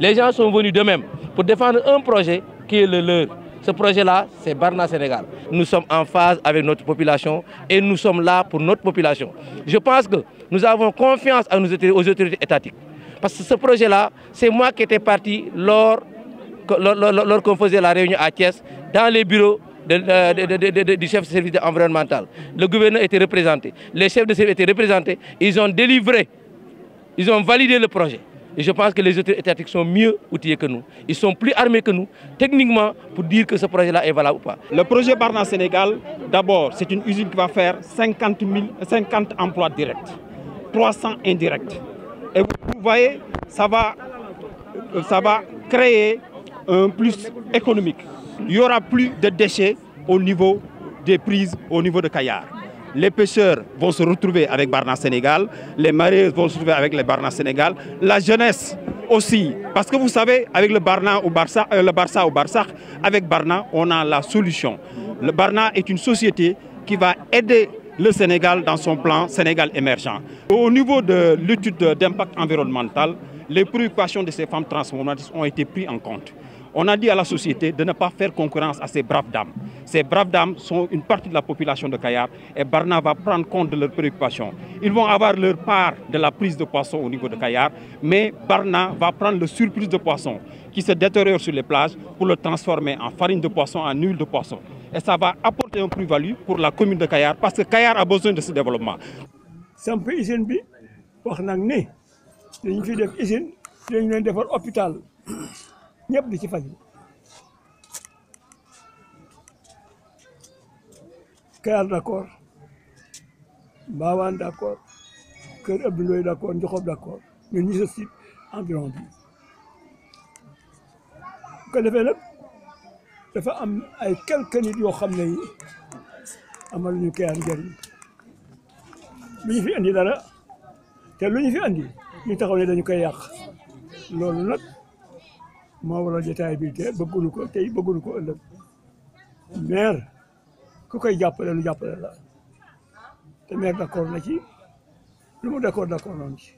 Les gens sont venus d'eux-mêmes pour défendre un projet qui est le leur. Ce projet-là, c'est Barna Sénégal. Nous sommes en phase avec notre population et nous sommes là pour notre population. Je pense que nous avons confiance à aux autorités étatiques. Parce que ce projet-là, c'est moi qui étais parti lors, faisait la réunion à Thiès, dans les bureaux euh, du chef de service environnemental. Le gouverneur était représenté, les chefs de service étaient représentés, ils ont délivré, ils ont validé le projet. Et je pense que les autres étatiques sont mieux outillés que nous. Ils sont plus armés que nous, techniquement, pour dire que ce projet-là est valable ou pas. Le projet Barna Sénégal, d'abord, c'est une usine qui va faire 50, 50 emplois directs, 300 indirects. Et vous voyez, ça va, euh, ça va créer un plus économique. Il n'y aura plus de déchets au niveau des prises, au niveau de Caillard. Les pêcheurs vont se retrouver avec Barna Sénégal, les marées vont se retrouver avec les Barna Sénégal, la jeunesse aussi. Parce que vous savez, avec le Barna ou Barça, euh, le Barça au Barça, avec Barna, on a la solution. Le Barna est une société qui va aider le Sénégal dans son plan Sénégal émergent. Au niveau de l'étude d'impact environnemental, les préoccupations de ces femmes transformatrices ont été prises en compte. On a dit à la société de ne pas faire concurrence à ces braves dames. Ces braves dames sont une partie de la population de Kayar et Barna va prendre compte de leurs préoccupations. Ils vont avoir leur part de la prise de poissons au niveau de Kayar, mais Barna va prendre le surplus de poissons qui se détériore sur les plages pour le transformer en farine de poisson, en huile de poisson. Et ça va apporter un plus-value pour la commune de Kayar parce que Kayar a besoin de ce développement. ñëpp di ci faj Kayar d'accord Mbawaan d'accord Kër Abdou Ndoye d'accord Njoxob d'accord ñun ñu sës ci environ bi bu ko nag dafa am ay quelques nit yoo xam ne yi amal ñu Kayar njëriñ lu ñu fi andi dara te lu ñu fi andi ñu taxaw ne dañu koy yàq loolu nag moo waral jotaay bi te bëgguñu ko tey bëgguñu ko ëllëg maire ku koy jàppale nu jàppale la te maire d'accord na ci lu mu d'accord d'accord noonu ci